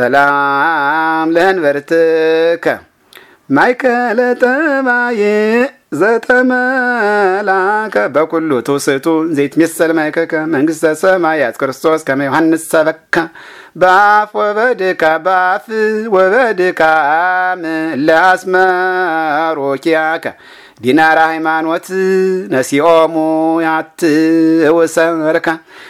ሰላም ለህንበርትከ ማይከለ ጠባዬ ዘተመላከ በኩሉ ትውስቱ ዘይት ዘይትሜሰል ማይከከ መንግስተ ሰማያት ክርስቶስ ከመ ዮሐንስ ሰበካ በአፍ ወበድካ በአፍ ወበድካም ለአስመሮኪያከ ዲናራ ሃይማኖት ነሲኦሙ ያትውሰርከ